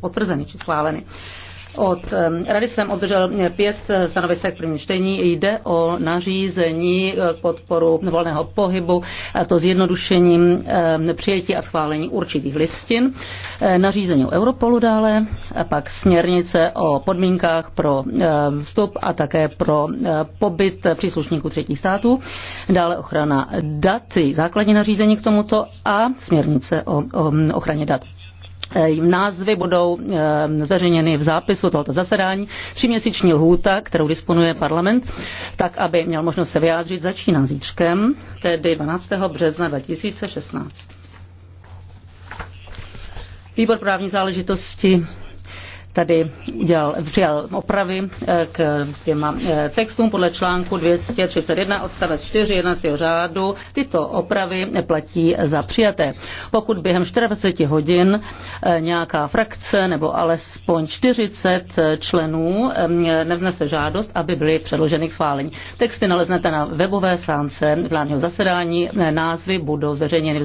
potvrzeny či schváleny. Od Rady jsem obdržel eh, pět eh, stanovisek první čtení. Jde o nařízení eh, k podporu volného pohybu, to zjednodušením přijetí a schválení určitých listin, nařízení o Europolu dále, pak směrnice o podmínkách pro vstup a také pro pobyt příslušníků třetích států, dále ochrana dat, základní nařízení k tomuto a směrnice o ochraně dat. Eh, názvy budou eh, zveřejněny v zápisu tohoto zasedání. Tříměsíční lhůta, kterou disponuje parlament, tak aby měl možnost se vyjádřit, začíná zítřkem, tedy 12. března 2016. Výbor právní záležitosti tady udělal, přijal opravy eh, k dvěma eh, textům podle článku 231 odstavec 4 jednacího řádu. Tyto opravy platí za přijaté. Pokud během 24 hodin eh, nějaká frakce nebo alespoň 40 členů nevznese žádost, aby byly předloženy k schválení. Texty naleznete na webové stránce vládního zasedání. Názvy budou zveřejněny v